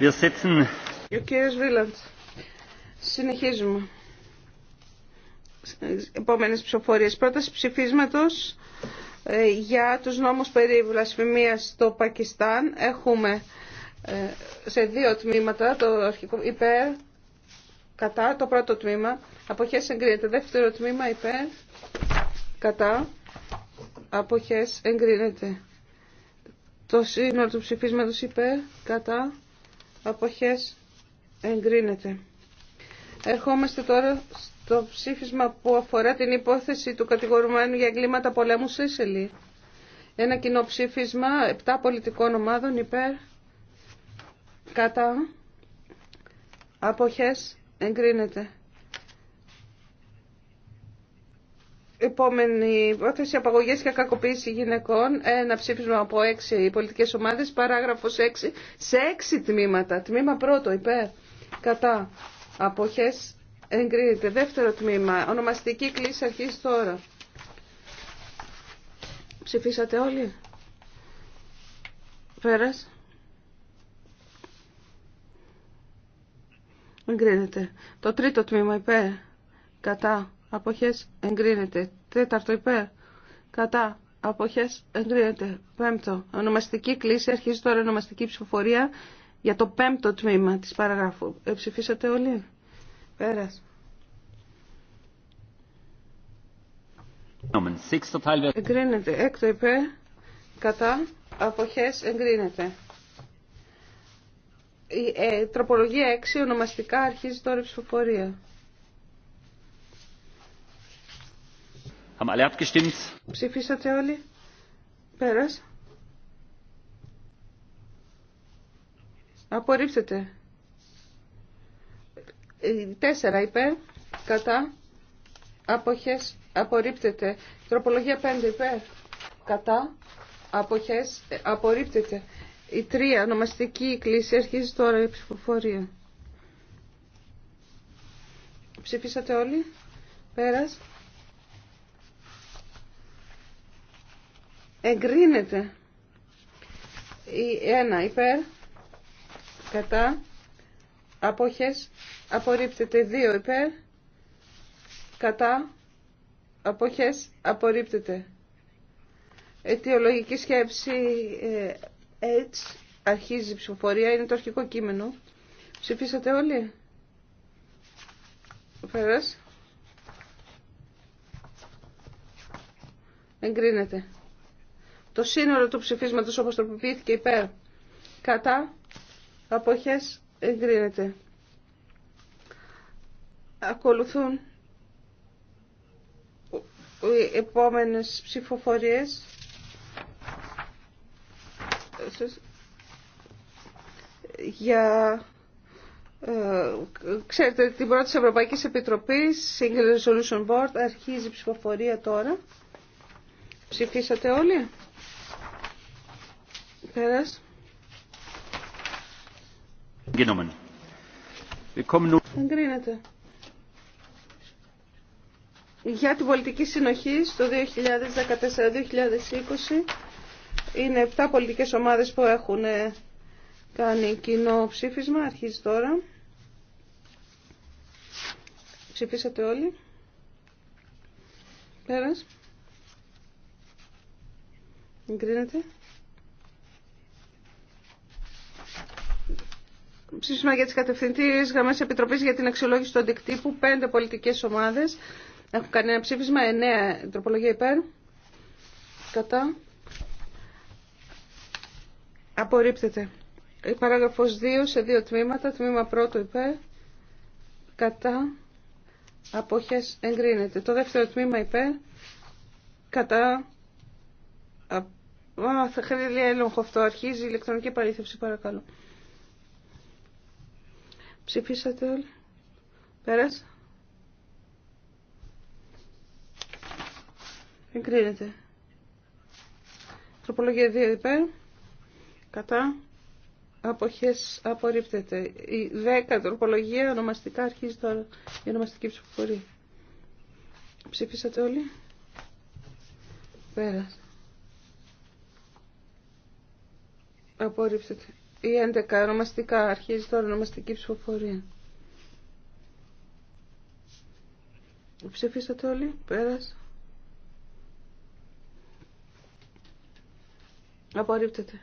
Ο κύριο Βίλαντ. Συνεχίζουμε. επόμενε ψηφοφορίε. Πρόταση ψηφίσματος ε, για τους νόμους περί βλασφημίας στο Πακιστάν. Έχουμε ε, σε δύο τμήματα το αρχικό υπέρ κατά το πρώτο τμήμα αποχές εγκρίνεται δεύτερο τμήμα υπέρ κατά αποχές εγκρίνεται το σύνολο του ψηφίσματος υπέρ κατά αποχές εγκρίνεται. Ερχόμαστε τώρα στο ψήφισμα που αφορά την υπόθεση του κατηγορουμένου για εγκλήματα πολέμου Σίσελη. Ένα κοινό ψήφισμα 7 πολιτικών ομάδων υπέρ κατά αποχές εγκρίνεται. Επόμενη υπόθεση απαγωγές και κακοποίηση γυναικών. Ένα ψήφισμα από έξι πολιτικές ομάδες, παράγραφος 6, σε έξι τμήματα. Τμήμα πρώτο, υπέρ, κατά, αποχές, εγκρίνεται. Δεύτερο τμήμα, ονομαστική κλίση αρχής τώρα. Ψηφίσατε όλοι. Πέρας. Εγκρίνεται. Το τρίτο τμήμα, υπέρ, κατά, αποχές εγκρίνεται. Τέταρτο υπέρ, κατά, αποχές εγκρίνεται. Πέμπτο, ονομαστική κλίση, αρχίζει τώρα ονομαστική ψηφοφορία για το πέμπτο τμήμα της παραγράφου. Ε, ψηφίσατε όλοι. Πέρας. Εγκρίνεται. Έκτο υπέρ, κατά, αποχές εγκρίνεται. Η ε, τροπολογία 6 ονομαστικά αρχίζει τώρα η ψηφοφορία. Ψηφίσατε όλοι. Πέρας. Απορρίψετε. Ε, τέσσερα υπέρ. Κατά. Αποχές. Απορρίπτεται. Τροπολογία πέντε υπέρ. Κατά. Αποχές. Ε, απορρίπτεται. Η τρία νομαστική κλίση αρχίζει τώρα η ψηφοφορία. Ψηφίσατε όλοι. Πέρας. εγκρίνεται η ένα υπέρ κατά απόχες απορρίπτεται δύο υπέρ κατά απόχες απορρίπτεται αιτιολογική σκέψη έτσι ε, αρχίζει η ψηφοφορία είναι το αρχικό κείμενο ψηφίσατε όλοι Φέρας. εγκρίνεται το σύνολο του ψηφίσματος όπως τροποποιήθηκε υπέρ. Κατά. Αποχές εγκρίνεται. Ακολουθούν οι επόμενες ψηφοφορίες. Για... Ε, ξέρετε, την πρώτη της Ευρωπαϊκής Επιτροπής, Single Resolution Board, αρχίζει η ψηφοφορία τώρα. Ψηφίσατε όλοι. Εγκρίνεται. Για την πολιτική συνοχή το 2014-2020 είναι 7 πολιτικές ομάδες που έχουν ε, κάνει κοινό ψήφισμα. Αρχίζει τώρα. Ψηφίσατε όλοι. Πέρας. Εγκρίνεται. ψήφισμα για τι κατευθυντήριες γραμμές Επιτροπής για την αξιολόγηση του αντικτύπου. Πέντε πολιτικές ομάδες έχουν κάνει ένα ψήφισμα. Εννέα τροπολογία υπέρ. Κατά. Απορρίπτεται. Η παράγραφος 2 σε δύο τμήματα. Τμήμα πρώτο υπέρ. Κατά. Αποχές εγκρίνεται. Το δεύτερο τμήμα υπέρ. Κατά. Α, θα χρειάζεται έλεγχο αυτό. Αρχίζει η ηλεκτρονική παρήθευση παρακαλώ. Ψηφίσατε όλοι. Πέρας. Εγκρίνεται. Τροπολογία 2 υπέρ. Κατά. Αποχές απορρίπτεται. Η 10 τροπολογία ονομαστικά αρχίζει τώρα η ονομαστική ψηφοφορία. Ψήφισατε όλοι. Πέρασα. Απορρίπτεται ή 11 ονομαστικά. Αρχίζει τώρα ονομαστική ψηφοφορία. Ψηφίσατε όλοι. Πέρασε. Απορρίπτεται.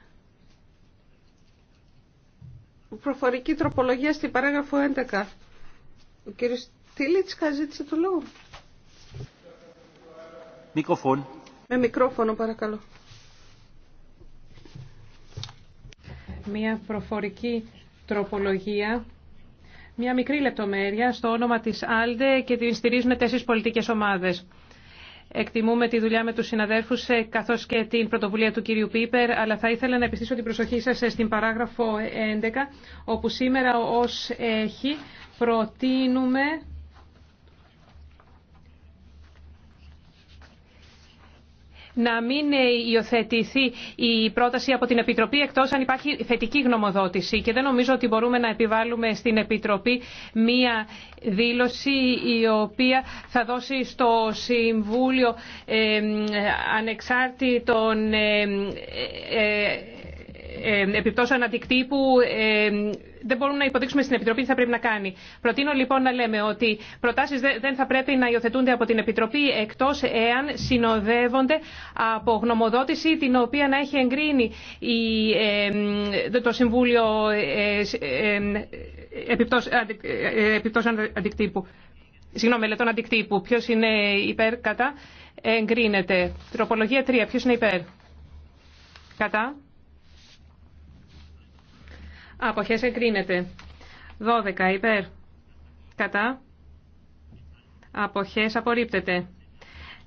Προφορική τροπολογία στην παράγραφο 11. Ο κύριος Τίλιτσκα ζήτησε το λόγο. Μικρόφωνο. Με μικρόφωνο παρακαλώ. μια προφορική τροπολογία, μια μικρή λεπτομέρεια στο όνομα της Άλντε και την στηρίζουμε τέσσερις πολιτικές ομάδες. Εκτιμούμε τη δουλειά με τους συναδέρφους ε, καθώς και την πρωτοβουλία του κυρίου Πίπερ, αλλά θα ήθελα να επιστήσω την προσοχή σας ε, στην παράγραφο 11, όπου σήμερα ως έχει προτείνουμε να μην ε, υιοθετηθεί η πρόταση από την Επιτροπή εκτός αν υπάρχει θετική γνωμοδότηση και δεν νομίζω ότι μπορούμε να επιβάλλουμε στην Επιτροπή μία δήλωση η οποία θα δώσει στο Συμβούλιο ε, ανεξάρτητων ε, επιπτώσεων αντικτύπου δεν μπορούμε να υποδείξουμε στην Επιτροπή τι θα πρέπει να κάνει. Προτείνω λοιπόν να λέμε ότι προτάσει δεν θα πρέπει να υιοθετούνται από την Επιτροπή εκτό εάν συνοδεύονται από γνωμοδότηση την οποία να έχει εγκρίνει το Συμβούλιο ε, ε, ε, Επιπτώσεων Αντικτύπου. Συγγνώμη, μελετών αντικτύπου. Ποιο είναι υπέρ, κατά. Εγκρίνεται. Τροπολογία 3. Ποιο είναι υπέρ. Κατά. Αποχές εγκρίνεται. 12 υπέρ. Κατά. Αποχές απορρίπτεται.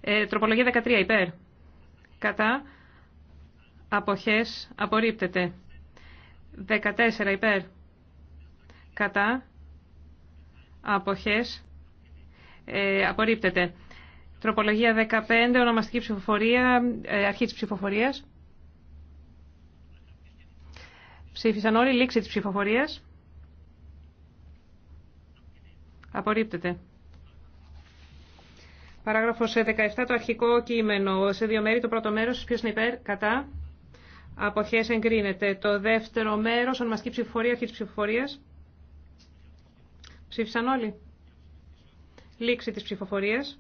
Ε, τροπολογία 13 υπέρ. Κατά. Αποχές απορρίπτεται. 14 υπέρ. Κατά. Αποχές ε, απορρίπτεται. Τροπολογία 15, ονομαστική ψηφοφορία, ε, αρχή της ψηφοφορίας. Ψήφισαν όλοι λήξη της ψηφοφορίας. Απορρίπτεται. Παράγραφος 17, το αρχικό κείμενο. Σε δύο μέρη το πρώτο μέρος, ποιος είναι υπέρ, κατά. Αποχές εγκρίνεται. Το δεύτερο μέρος, ονομαστική ψηφοφορία, αρχή της ψηφοφορίας. Ψήφισαν όλοι. Λήξη της ψηφοφορίας.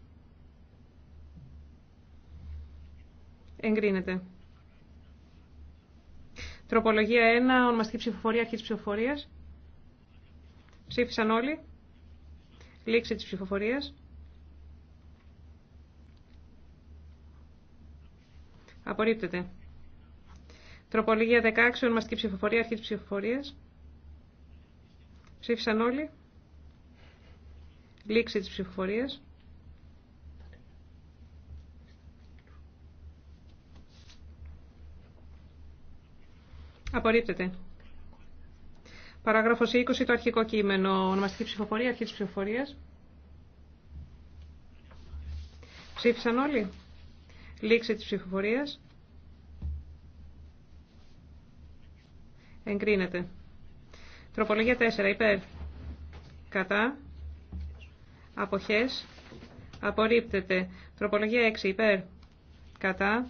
Εγκρίνεται. Τροπολογία 1, ονομαστική ψηφοφορία, αρχή τη ψηφοφορία. Ψήφισαν όλοι. Λήξη τη ψηφοφορία. Απορρίπτεται. Τροπολογία 16, ονομαστική ψηφοφορία, αρχή τη ψηφοφορία. Ψήφισαν όλοι. Λήξη τη ψηφοφορία. Απορρίπτεται. Παράγραφος 20 το αρχικό κείμενο. Ονομαστική ψηφοφορία, αρχή της ψηφοφορίας. Ψήφισαν όλοι. Λήξη τη ψηφοφορίας. Εγκρίνεται. Τροπολογία 4. Υπέρ. Κατά. Αποχές. Απορρίπτεται. Τροπολογία 6. Υπέρ. Κατά.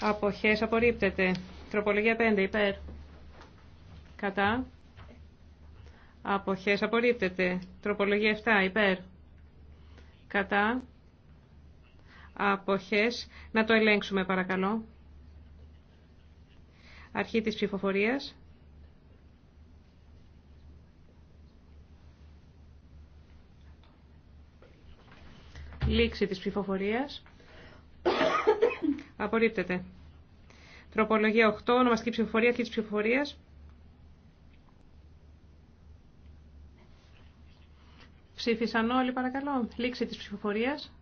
Αποχές. Απορρίπτεται. Τροπολογία 5 υπέρ. Κατά. Αποχές απορρίπτεται. Τροπολογία 7 υπέρ. Κατά. Αποχές. Να το ελέγξουμε παρακαλώ. Αρχή της ψηφοφορίας. Λήξη της ψηφοφορίας. Απορρίπτεται. Τροπολογία 8, ονομαστική ψηφοφορία, αρχή της ψηφοφορίας. Ψήφισαν όλοι παρακαλώ. Λήξη της ψηφοφορίας.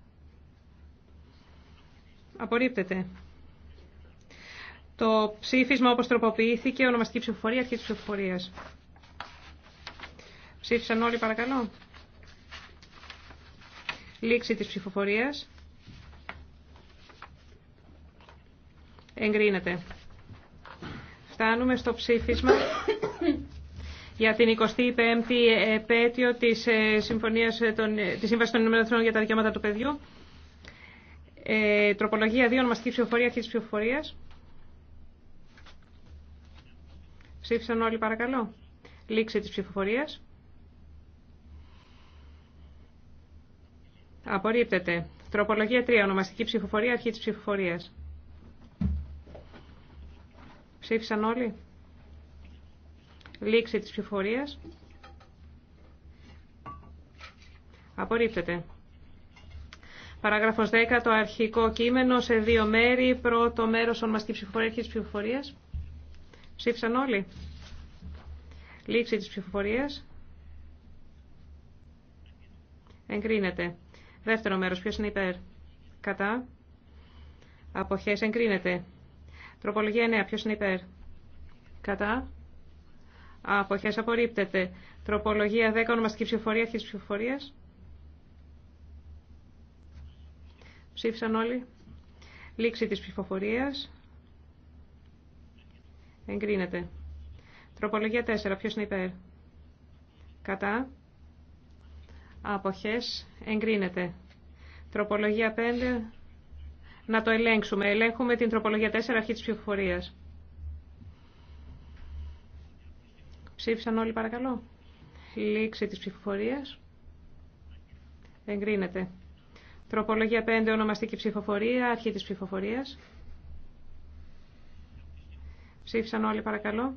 Απορρίπτεται. Το ψήφισμα όπως τροποποιήθηκε, ονομαστική ψηφοφορία, αρχή της ψηφοφορίας. Ψήφισαν όλοι παρακαλώ. Λήξη της ψηφοφορίας. Εγκρίνεται. Φτάνουμε στο ψήφισμα για την 25η επέτειο της, ε, συμφωνίας ε, των, ε, της Σύμβασης των Ηνωμένων Εθνών για τα Δικαιώματα του Παιδιού. Ε, τροπολογία 2, ονομαστική ψηφοφορία, αρχή της ψηφοφορίας. Ψήφισαν όλοι παρακαλώ. Λήξη της ψηφοφορίας. Απορρίπτεται. Τροπολογία 3, ονομαστική ψηφοφορία, αρχή της ψηφοφορίας. Ψήφισαν όλοι. Λήξη της ψηφορίας. Απορρίπτεται. Παράγραφος 10. Το αρχικό κείμενο σε δύο μέρη. Πρώτο μέρος ονομαστική ψηφοφορία και της ψηφοφορίας. Ψήφισαν όλοι. Λήξη της ψηφοφορίας. Εγκρίνεται. Δεύτερο μέρος. Ποιος είναι υπέρ. Κατά. Αποχές εγκρίνεται. Τροπολογία 9. ποιο είναι υπέρ. Κατά. Αποχές απορρίπτεται. Τροπολογία 10. Ονομαστική ψηφοφορία. Αρχής ψηφοφορία. Ψήφισαν όλοι. Λήξη τη ψηφοφορία. Εγκρίνεται. Τροπολογία 4. ποιο είναι υπέρ. Κατά. Αποχές. Εγκρίνεται. Τροπολογία 5 να το ελέγξουμε. Ελέγχουμε την τροπολογία 4 αρχή της ψηφοφορίας. Ψήφισαν όλοι παρακαλώ. Λήξη της ψηφοφορίας. Εγκρίνεται. Τροπολογία 5 ονομαστική ψηφοφορία, αρχή της ψηφοφορίας. Ψήφισαν όλοι παρακαλώ.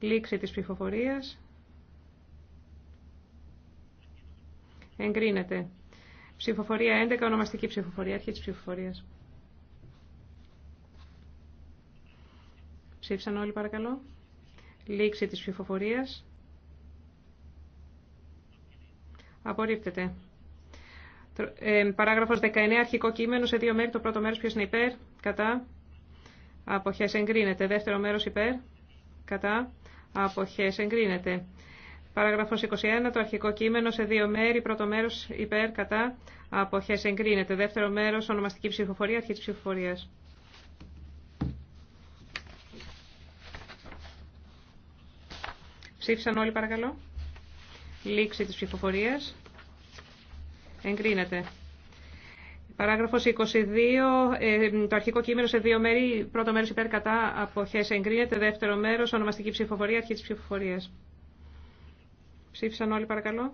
Λήξη της ψηφοφορίας. Εγκρίνεται. Ψηφοφορία 11, ονομαστική ψηφοφορία, αρχή της ψηφοφορίας. Ψήφισαν όλοι παρακαλώ. Λήξη της ψηφοφορία. Απορρίπτεται. Ε, παράγραφος 19, αρχικό κείμενο σε δύο μέρη. Το πρώτο μέρος ποιος είναι υπέρ, κατά. Αποχές εγκρίνεται. Δεύτερο μέρος υπέρ, κατά. Αποχές εγκρίνεται. Παράγραφος 21, το αρχικό κείμενο σε δύο μέρη. Πρώτο μέρος υπέρ, κατά. Αποχές εγκρίνεται. Δεύτερο μέρος, ονομαστική ψηφοφορία, αρχή της ψηφοφορίας. Ψήφισαν όλοι παρακαλώ. Λήξη της ψηφοφορίας. Εγκρίνεται. Παράγραφος 22. Ε, το αρχικό κείμενο σε δύο μέρη. Πρώτο μέρος υπέρ κατά αποχές εγκρίνεται. Δεύτερο μέρος ονομαστική ψηφοφορία. Αρχή της ψηφοφορίας. Ψήφισαν όλοι παρακαλώ.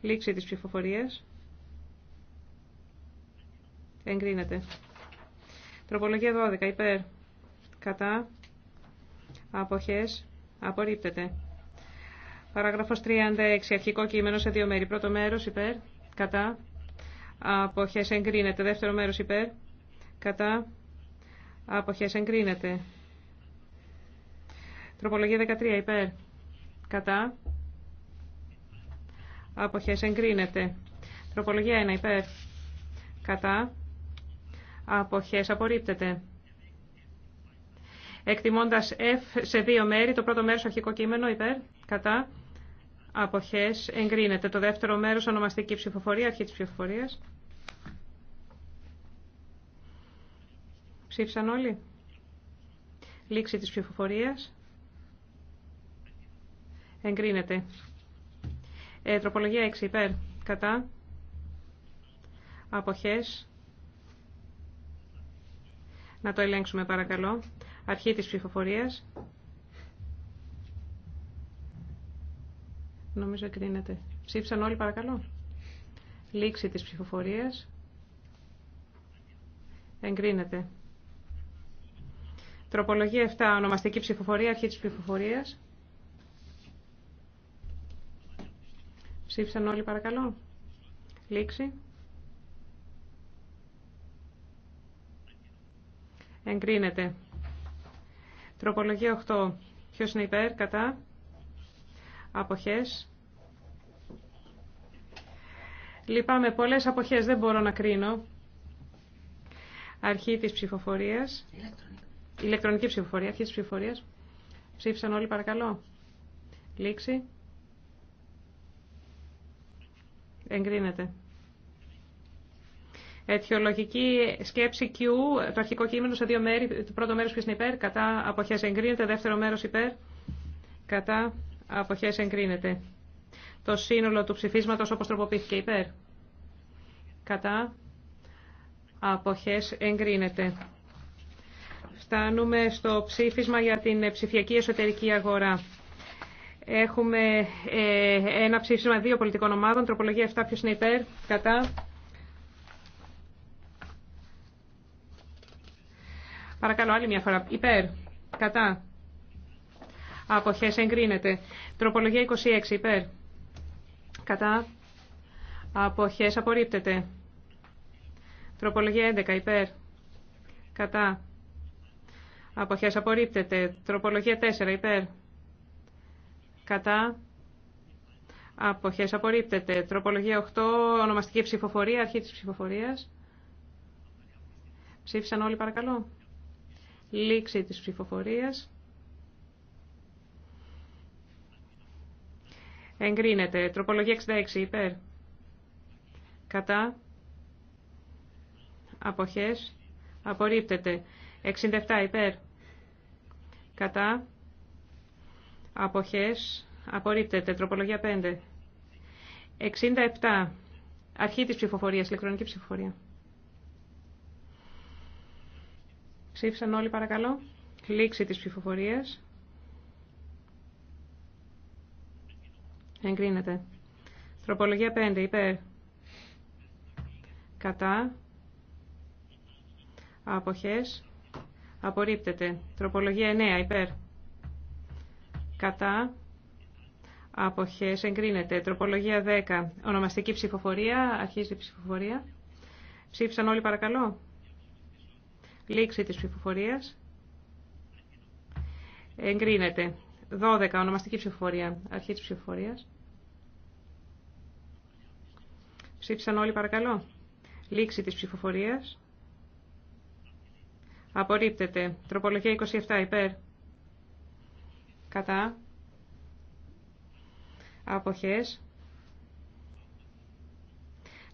Λήξη της ψηφοφορίας. Εγκρίνεται. Τροπολογία 12. Υπέρ. Κατά. Αποχές. Απορρίπτεται. Παράγραφος 36. Αρχικό κείμενο σε δύο μέρη. Πρώτο μέρος υπέρ. Κατά. Αποχέ εγκρίνεται. Δεύτερο μέρος υπέρ. Κατά. Αποχέ εγκρίνεται. Τροπολογία 13 υπέρ. Κατά. Αποχέ εγκρίνεται. Τροπολογία 1 υπέρ. Κατά. Αποχέ απορρίπτεται. Εκτιμώντας F σε δύο μέρη, το πρώτο μέρος αρχικό κείμενο υπέρ, κατά, αποχές, εγκρίνεται. Το δεύτερο μέρος ονομαστική ψηφοφορία, αρχή της ψηφοφορίας. Ψήφισαν όλοι. Λήξη της ψηφοφορίας. Εγκρίνεται. Ε, τροπολογία 6 υπέρ. Κατά. Αποχές. Να το ελέγξουμε παρακαλώ. Αρχή της ψηφοφορίας. Νομίζω κρίνεται. Ψήφισαν όλοι παρακαλώ. Λήξη της ψηφοφορίας. Εγκρίνεται. Τροπολογία 7. Ονομαστική ψηφοφορία. Αρχή της ψηφοφορίας. Ψήφισαν όλοι παρακαλώ. Λήξη. Εγκρίνεται. Τροπολογία 8. Ποιος είναι υπέρ, κατά. Αποχές. Λυπάμαι, πολλές αποχές δεν μπορώ να κρίνω. Αρχή της ψηφοφορίας. Ηλεκτρονική, Ηλεκτρονική ψηφοφορία, αρχή της ψηφοφορίας. Ψήφισαν όλοι παρακαλώ. Λήξη. Εγκρίνεται. Αιτιολογική σκέψη Q, το αρχικό κείμενο σε δύο μέρη. Το πρώτο μέρο ποιο είναι υπέρ, κατά αποχέ εγκρίνεται. Δεύτερο μέρο υπέρ, κατά αποχέ εγκρίνεται. Το σύνολο του ψηφίσματο όπω τροποποιήθηκε υπέρ. Κατά αποχέ εγκρίνεται. Φτάνουμε στο ψήφισμα για την ψηφιακή εσωτερική αγορά. Έχουμε ε, ένα ψήφισμα δύο πολιτικών ομάδων. Τροπολογία 7. Ποιο είναι υπέρ, κατά Παρακαλώ άλλη μια φορά. Υπέρ. Κατά. Αποχές εγκρίνεται. Τροπολογία 26. Υπέρ. Κατά. Αποχές απορρίπτεται. Τροπολογία 11. Υπέρ. Κατά. Αποχές απορρίπτεται. Τροπολογία 4. Υπέρ. Κατά. Αποχές απορρίπτεται. Τροπολογία 8. Ονομαστική ψηφοφορία. Αρχή της ψηφοφορίας. Ψήφισαν όλοι παρακαλώ. Λήξη της ψηφοφορίας. Εγκρίνεται. Τροπολογία 66 υπέρ. Κατά. Αποχές. Απορρίπτεται. 67 υπέρ. Κατά. Αποχές. Απορρίπτεται. Τροπολογία 5. 67. Αρχή της ψηφοφορίας. Ηλεκτρονική ψηφοφορία. Ψήφισαν όλοι παρακαλώ. Λήξη της ψηφοφορίας. Εγκρίνεται. Τροπολογία 5. Υπέρ. Κατά. Αποχές. Απορρίπτεται. Τροπολογία 9. Υπέρ. Κατά. Αποχές. Εγκρίνεται. Τροπολογία 10. Ονομαστική ψηφοφορία. Αρχίζει η ψηφοφορία. Ψήφισαν όλοι παρακαλώ. Λήξη της ψηφοφορίας. Εγκρίνεται. 12. Ονομαστική ψηφοφορία. Αρχή της ψηφοφορίας. Ψήφισαν όλοι παρακαλώ. Λήξη της ψηφοφορίας. Απορρίπτεται. Τροπολογία 27. Υπέρ. Κατά. Αποχές.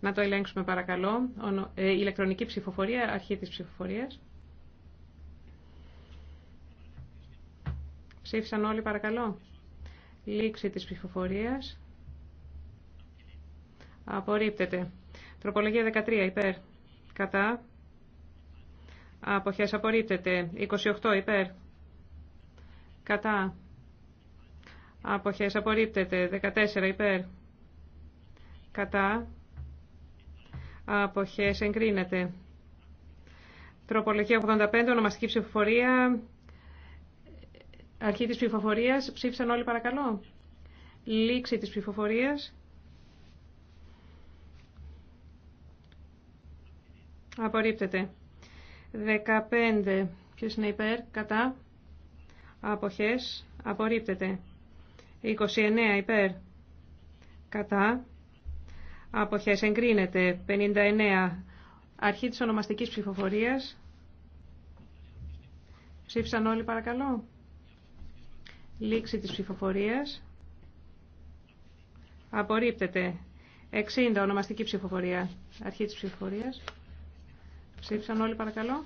Να το ελέγξουμε παρακαλώ. Ε, ηλεκτρονική ψηφοφορία, αρχή της ψηφοφορίας. Ψήφισαν όλοι παρακαλώ. Λήξη της ψηφοφορίας. Απορρίπτεται. Τροπολογία 13 υπέρ. Κατά. Αποχές απορρίπτεται. 28 υπέρ. Κατά. Αποχές απορρίπτεται. 14 υπέρ. Κατά αποχές εγκρίνεται. Τροπολογία 85, ονομαστική ψηφοφορία. Αρχή της ψηφοφορίας. Ψήφισαν όλοι παρακαλώ. Λήξη της ψηφοφορίας. Απορρίπτεται. 15. Ποιος είναι υπέρ, κατά. Αποχές. Απορρίπτεται. 29 υπέρ. Κατά. Αποχές εγκρίνεται. 59. Αρχή της ονομαστικής ψηφοφορίας. Ψήφισαν όλοι παρακαλώ. Λήξη της ψηφοφορίας. Απορρίπτεται. 60. Ονομαστική ψηφοφορία. Αρχή της ψηφοφορίας. Ψήφισαν όλοι παρακαλώ.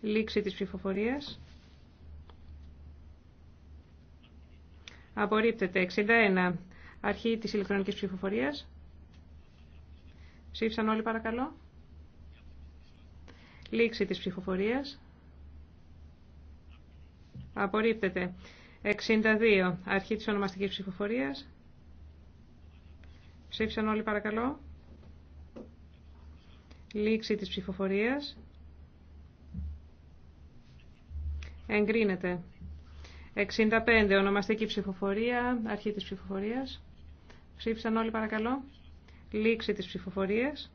Λήξη της ψηφοφορίας. Απορρίπτεται. 61. Αρχή της ηλεκτρονικής ψηφοφορίας. Ψήφισαν όλοι παρακαλώ. Λήξη της ψηφοφορίας. Απορρίπτεται. 62. Αρχή της ονομαστικής ψηφοφορίας. Ψήφισαν όλοι παρακαλώ. Λήξη της ψηφοφορίας. Εγκρίνεται. 65. Ονομαστική ψηφοφορία. Αρχή της ψηφοφορίας. Ψήφισαν όλοι παρακαλώ. Λήξη της ψηφοφορίας.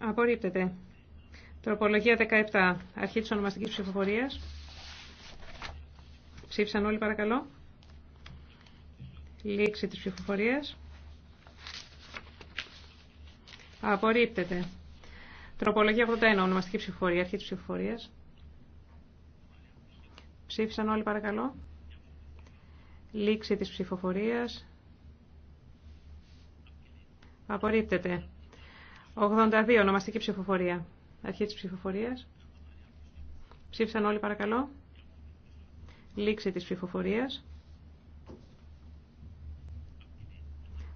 Απορρίπτεται. Τροπολογία 17. Αρχή της ονομαστικής ψηφοφορίας. Ψήφισαν όλοι παρακαλώ. Λήξη της ψηφοφορίας. Απορρίπτεται. Τροπολογία 81. Ονομαστική ψηφοφορία. Αρχή της ψηφοφορίας. Ψήφισαν όλοι παρακαλώ. Λήξη της ψηφοφορίας. Απορρίπτεται. 82. Ονομαστική ψηφοφορία. Αρχή της ψηφοφορίας. Ψήφισαν όλοι παρακαλώ. Λήξη της ψηφοφορίας.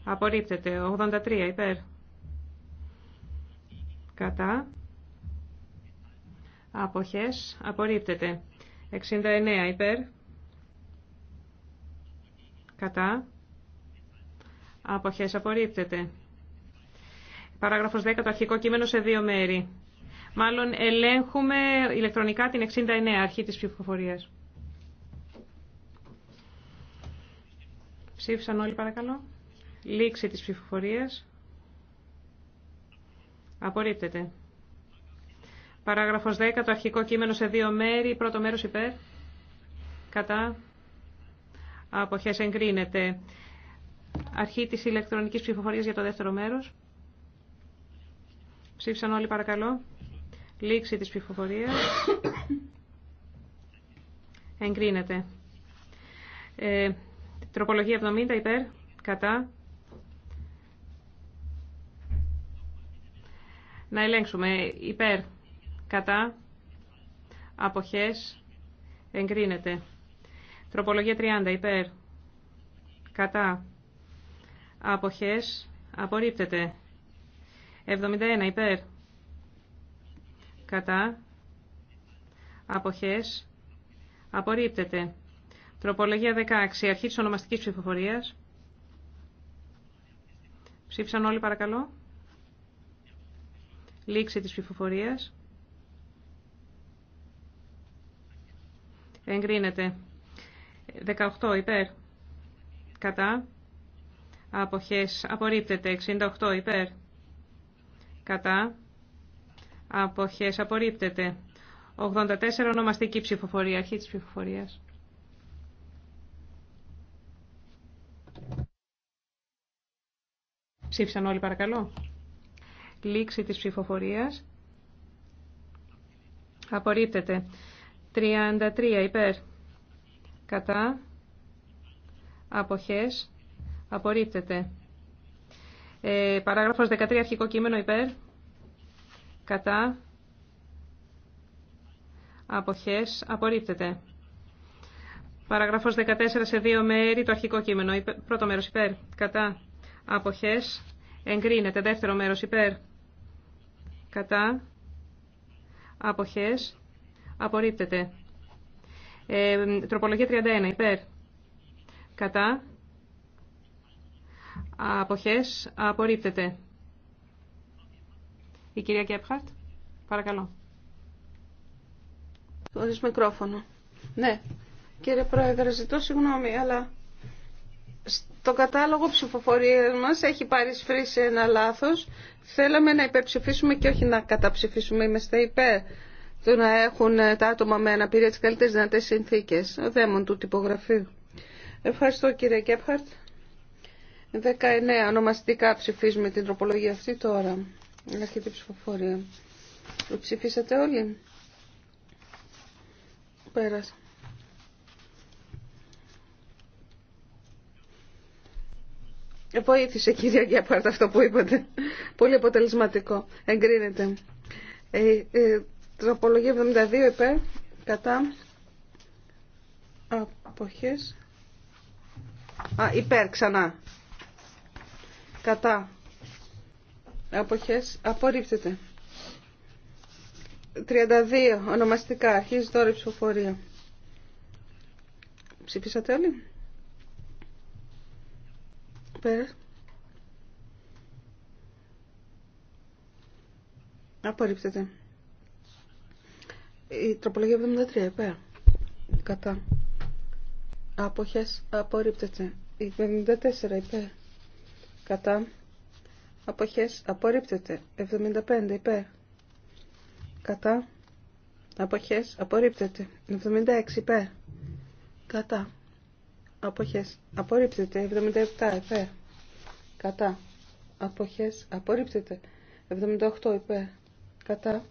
Απορρίπτεται. 83. Υπέρ. Κατά. Αποχές. Απορρίπτεται. 69. Υπέρ. Κατά. Αποχές απορρίπτεται. Παράγραφος 10. Το αρχικό κείμενο σε δύο μέρη. Μάλλον ελέγχουμε ηλεκτρονικά την 69 αρχή της ψηφοφορίας. Ψήφισαν όλοι παρακαλώ. Λήξη της ψηφοφορίας. Απορρίπτεται. Παράγραφος 10. Το αρχικό κείμενο σε δύο μέρη. Πρώτο μέρος υπέρ. Κατά. Αποχές εγκρίνεται. Αρχή της ηλεκτρονικής ψηφοφορίας για το δεύτερο μέρος. Ψήφισαν όλοι παρακαλώ. Λήξη της ψηφοφορίας. Εγκρίνεται. Ε, τροπολογία 70 υπέρ. Κατά. Να ελέγξουμε. Υπέρ. Κατά. Αποχές. Εγκρίνεται. Τροπολογία 30 υπέρ. Κατά. Αποχές. Απορρίπτεται. 71 υπέρ. Κατά. Αποχές. Απορρίπτεται. Τροπολογία 16. Αρχή της ονομαστικής ψηφοφορίας. Ψήφισαν όλοι παρακαλώ. Λήξη της ψηφοφορίας. Εγκρίνεται. 18 υπέρ. Κατά. Αποχές. Απορρίπτεται. 68 υπέρ. Κατά. Αποχές. Απορρίπτεται. 84 ονομαστική ψηφοφορία. Αρχή της ψηφοφορίας. Ψήφισαν όλοι παρακαλώ. Λήξη της ψηφοφορίας. Απορρίπτεται. 33 υπέρ κατά αποχές απορρίπτεται. Ε, παράγραφος 13 αρχικό κείμενο υπέρ κατά αποχές απορρίπτεται. Παράγραφος 14 σε δύο μέρη το αρχικό κείμενο. Υπέρ, πρώτο μέρος υπέρ κατά αποχές εγκρίνεται. Δεύτερο μέρος υπέρ κατά αποχές απορρίπτεται. Ε, τροπολογία 31. Υπέρ. Κατά. Αποχές. Απορρίπτεται. Η κυρία Κέπχαρτ. Παρακαλώ. Χωρίς μικρόφωνο. Ναι. Κύριε Πρόεδρε, ζητώ συγγνώμη, αλλά στο κατάλογο ψηφοφορία μας έχει πάρει σφρίσει ένα λάθος. Θέλαμε να υπερψηφίσουμε και όχι να καταψηφίσουμε. Είμαστε υπέρ το να έχουν τα άτομα με αναπηρία τις καλύτερες δυνατές συνθήκες. Ο δαίμον του τυπογραφείου. Ευχαριστώ κύριε Κέπχαρτ. 19 ονομαστικά ψηφίζουμε την τροπολογία αυτή τώρα. Έρχεται η ψηφοφορία. Το ψηφίσατε όλοι. Πέρασα. Βοήθησε κυρία Γκέπαρτ αυτό που είπατε. Πολύ αποτελεσματικό. Εγκρίνεται. Ε, ε, Τροπολογία 72 υπέρ κατά αποχές. Α, υπέρ ξανά. Κατά αποχές απορρίπτεται. 32 ονομαστικά αρχίζει τώρα η ψηφοφορία. Ψηφίσατε όλοι. Πέρα. Απορρίπτεται. Η τροπολογία 73 υπέρ. Κατά. Αποχές απορρίπτεται. Η 74 υπέρ. Κατά. Αποχές απορρίπτεται. 75 υπέρ. Κατά. Αποχές απορρίπτεται. 76 υπέρ. Κατά. Αποχές απορρίπτεται. 77 υπέρ. Κατά. Αποχές απορρίπτεται. 78 υπέρ. Κατά.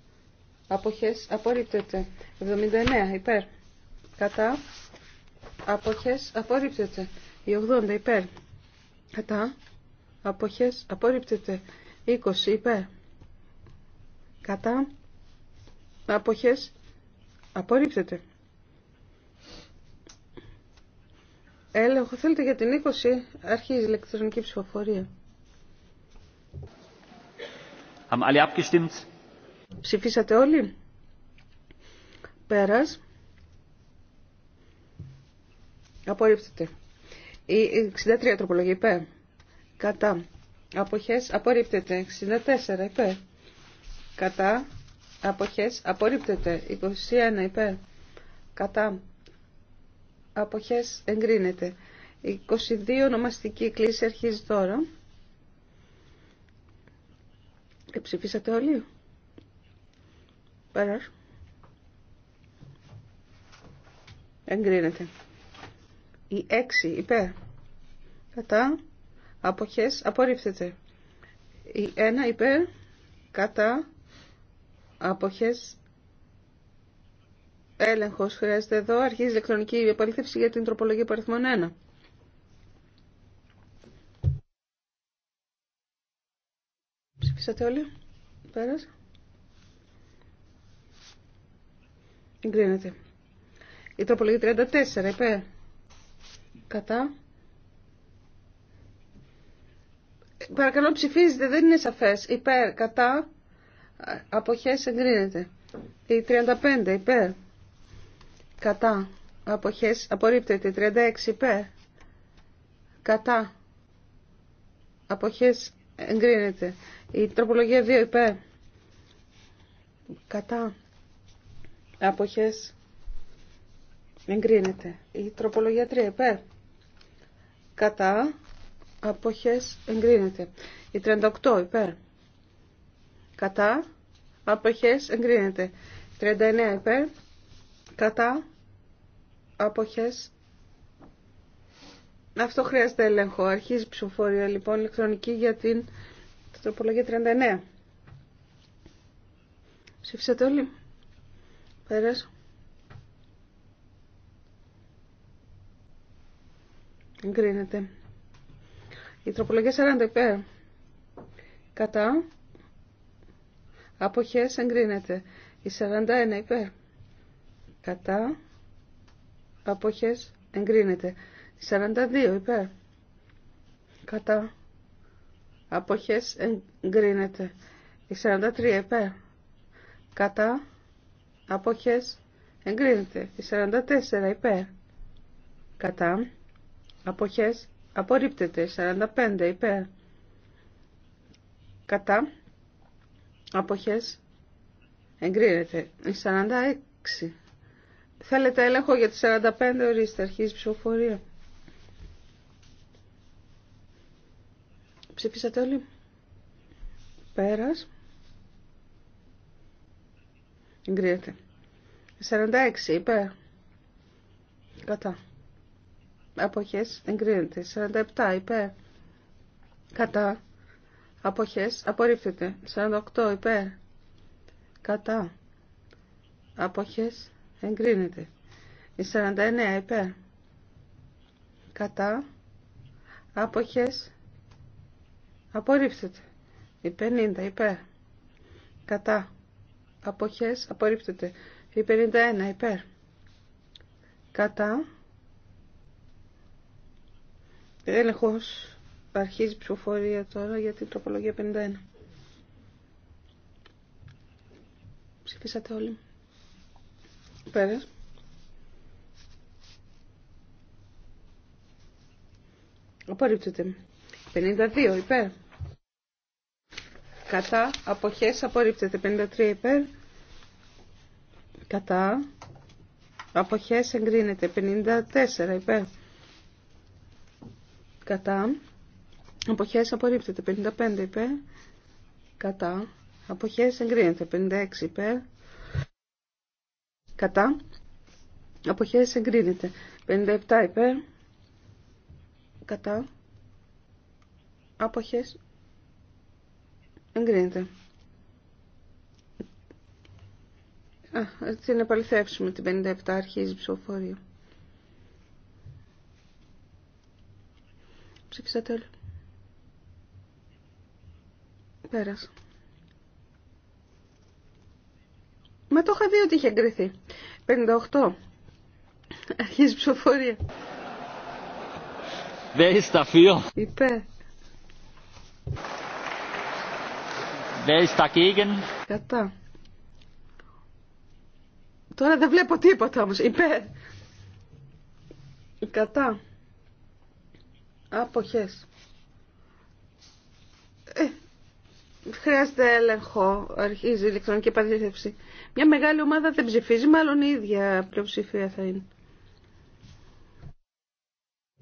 Αποχές απορρίπτεται. 79 υπέρ. Κατά. Αποχές απορρίπτεται. Η 80 υπέρ. Κατά. Αποχές απορρίπτεται. 20 υπέρ. Κατά. Αποχές απορρίπτεται. Έλεγχο θέλετε για την 20. Αρχίζει η ηλεκτρονική ψηφοφορία. Haben alle abgestimmt? Ψηφίσατε όλοι. Πέρας. Απορρίπτεται. Η 63 τροπολογία υπέ, Κατά. Αποχές απορρίπτεται. 64 υπε Κατά. Αποχές απορρίπτεται. 21 κλίση Κατά. Αποχές εγκρίνεται. 22 ονομαστική κλίση αρχίζει τώρα. Ε, ψηφισατε όλοι. Πέρας. Εγκρίνεται. Η 6 υπέρ. Κατά. Αποχές. απορρίφθεται. Η 1 υπέρ. Κατά. Αποχές. Έλεγχος χρειάζεται εδώ. Αρχίζει η ηλεκτρονική επαλήθευση για την τροπολογία παριθμών 1. Ψηφίσατε όλοι. Πέρασε. Εγκρίνεται. Η τροπολογία 34 υπέρ. Κατά. Παρακαλώ ψηφίζετε, δεν είναι σαφές. Υπέρ, κατά, αποχές εγκρίνεται. Η 35 υπέρ, κατά, αποχές απορρίπτεται. Η 36 υπέρ, κατά, αποχές εγκρίνεται. Η τροπολογία 2 υπέρ, κατά, Αποχές. Εγκρίνεται. Η τροπολογία 3 υπέρ. Κατά. Αποχές. Εγκρίνεται. Η 38 υπέρ. Κατά. Αποχές. Εγκρίνεται. 39 υπέρ. Κατά. Αποχές. Αυτό χρειάζεται έλεγχο. Αρχίζει η ψηφοφορία λοιπόν ηλεκτρονική για την τροπολογία 39. Ψήφισατε όλοι. Εγκρίνεται. Η τροπολογία 40 υπέρ. Κατά. Αποχές εγκρίνεται. Η 41 υπέρ. Κατά. Αποχές εγκρίνεται. Η 42 υπέρ. Κατά. Αποχές εγκρίνεται. Η 43 υπέρ. Κατά αποχές εγκρίνεται. Η 44 υπέρ κατά αποχές απορρίπτεται. Η 45 υπέρ κατά αποχές εγκρίνεται. Η 46 Θέλετε έλεγχο για τη 45 ορίστε αρχής ψηφοφορία. Ψηφίσατε όλοι. Πέρας. Εγκρίνεται. 46 είπε. Κατά. Αποχές εγκρίνεται. 47 είπε, Κατά. Αποχές απορρίφθηκε. 48 είπε. Κατά. Αποχές εγκρίνεται. 49 είπε. Κατά. Αποχές απορρίφθηκε. 50 είπε. Κατά αποχές απορρίπτεται. Η 51 υπέρ. Κατά. Έλεγχος. Αρχίζει ψηφοφορία τώρα για την τροπολογία 51. Ψηφίσατε όλοι. Πέρα. Απορρίπτεται. 52 υπέρ κατά αποχές απορρίπτεται 53 υπέρ κατά αποχές εγκρίνεται 54 υπέρ κατά αποχές απορρίπτεται 55 υπέρ κατά αποχές εγκρίνεται 56 υπέρ κατά αποχές εγκρίνεται 57 υπέρ κατά αποχές Εγκρίνεται. Α, έτσι να παληθεύσουμε την 57 αρχίζει η ψηφοφορία. Ψήφισα τέλο. Πέρασα. Μα το είχα δει ότι είχε εγκριθεί. 58. Αρχίζει η ψηφοφορία. Δεν είσαι Υπέ. Κατά. Τώρα δεν βλέπω τίποτα όμως. Υπέρ. Κατά. Αποχές. Ε, χρειάζεται έλεγχο. Αρχίζει η ηλεκτρονική παρήθευση. Μια μεγάλη ομάδα δεν ψηφίζει, μάλλον η ίδια πλειοψηφία θα είναι.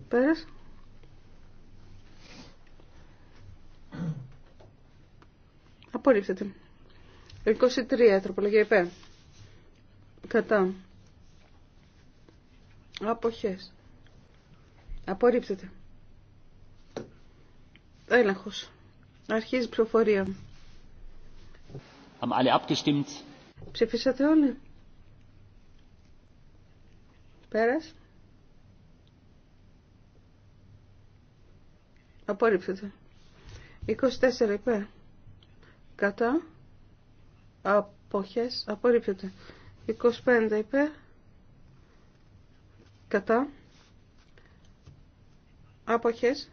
Πέρασε. Απορρίπτεται. 23. Τροπολογία υπέρ. Κατά. Αποχές. Απορρίπτεται. Έλεγχος. Αρχίζει η ψηφοφορία. Ψηφίσατε όλοι. Πέρας. Απορρίπτεται. 24 υπέρ κατά αποχές απορρίπτεται 25 υπέρ κατά αποχές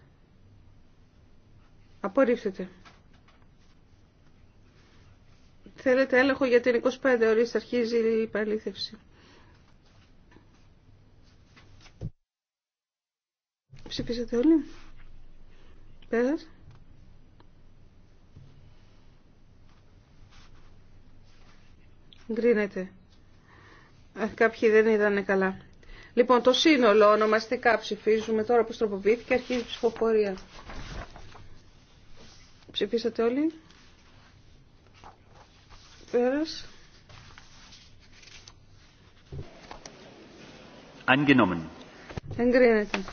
απορρίπτεται Θέλετε έλεγχο για την 25 ορίστε αρχίζει η υπαλήθευση. Ψηφίσατε όλοι. Πέρας. Γκρίνεται. Ε, κάποιοι δεν είδανε καλά. Λοιπόν, το σύνολο ονομαστικά ψηφίζουμε τώρα που τροποποιήθηκε. Αρχίζει η ψηφοφορία. Ψηφίσατε όλοι. Πέρας. Angenommen. Εγκρίνεται.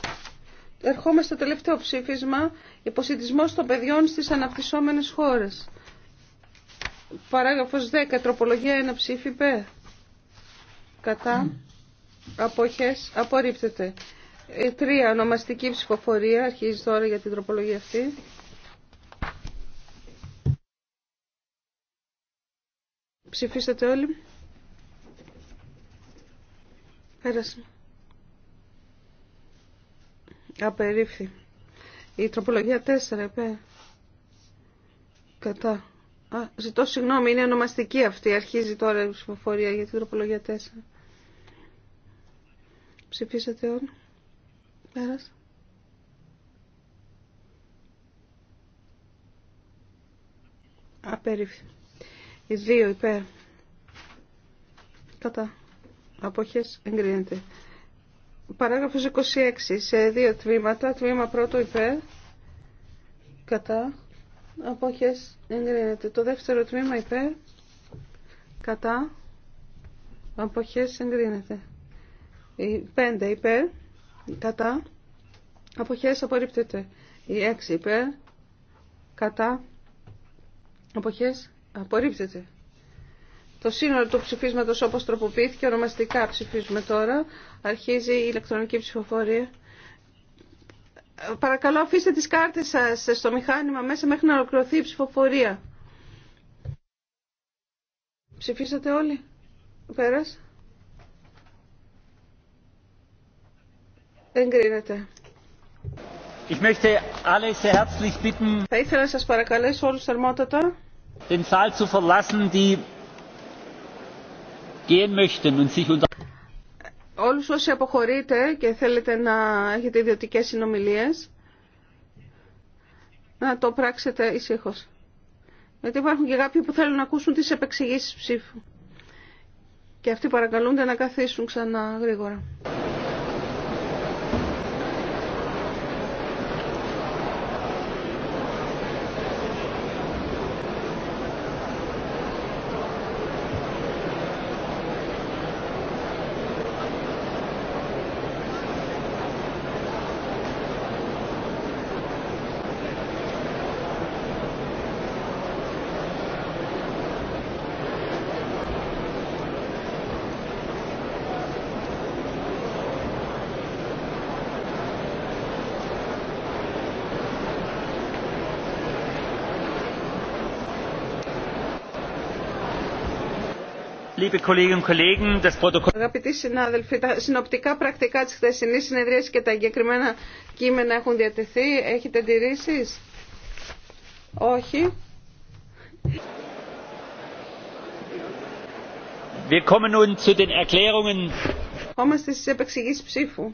Ερχόμαστε στο τελευταίο ψήφισμα. Υποσυντισμός των παιδιών στις αναπτυσσόμενες χώρες. Παράγραφος 10. Τροπολογία 1. Ψήφι πέ. Κατά. Αποχές. Απορρίπτεται. 3. Ε, ονομαστική ψηφοφορία. Αρχίζει τώρα για την τροπολογία αυτή. Ψηφίσατε όλοι. Πέρασε. Απερίφθη. Η τροπολογία 4. Π. Κατά. Α, ζητώ συγγνώμη, είναι ονομαστική αυτή. Αρχίζει τώρα η ψηφοφορία για την τροπολογία 4. Ψηφίσατε όλοι. Πέρασε. Απέριφθη. Οι δύο υπέρ. Κατά. Απόχες εγκρίνεται. Παράγραφος 26. Σε δύο τμήματα. Τμήμα πρώτο υπέρ. Κατά. Απόχες εγκρίνεται. Το δεύτερο τμήμα υπέρ. Κατά. Απόχες εγκρίνεται. Η 5 υπέρ. Κατά. Αποχές απορρίπτεται. Η 6 υπέρ. Κατά. Αποχές απορρίπτεται. Το σύνολο του ψηφίσματος όπως τροποποιήθηκε ονομαστικά ψηφίζουμε τώρα. Αρχίζει η ηλεκτρονική ψηφοφορία. Παρακαλώ αφήστε τις κάρτες σας στο μηχάνημα μέσα μέχρι να ολοκληρωθεί η ψηφοφορία. Ψηφίσατε όλοι. Πέρας. Εγκρίνεται. Ich möchte alle sehr herzlich bitten, Θα ήθελα να σας παρακαλέσω όλους θερμότατα den Saal zu verlassen, die gehen möchten und sich unter όλους όσοι αποχωρείτε και θέλετε να έχετε ιδιωτικές συνομιλίες, να το πράξετε ησύχω. Γιατί υπάρχουν και κάποιοι που θέλουν να ακούσουν τις επεξηγήσεις ψήφου. Και αυτοί παρακαλούνται να καθίσουν ξανά γρήγορα. Αγαπητοί συνάδελφοι, τα συνοπτικά πρακτικά της χθεσινής συνεδρίας και τα εγκεκριμένα κείμενα έχουν διατεθεί. Έχετε αντιρρήσεις? Όχι. Είμαστε στις επεξηγήσεις ψήφου.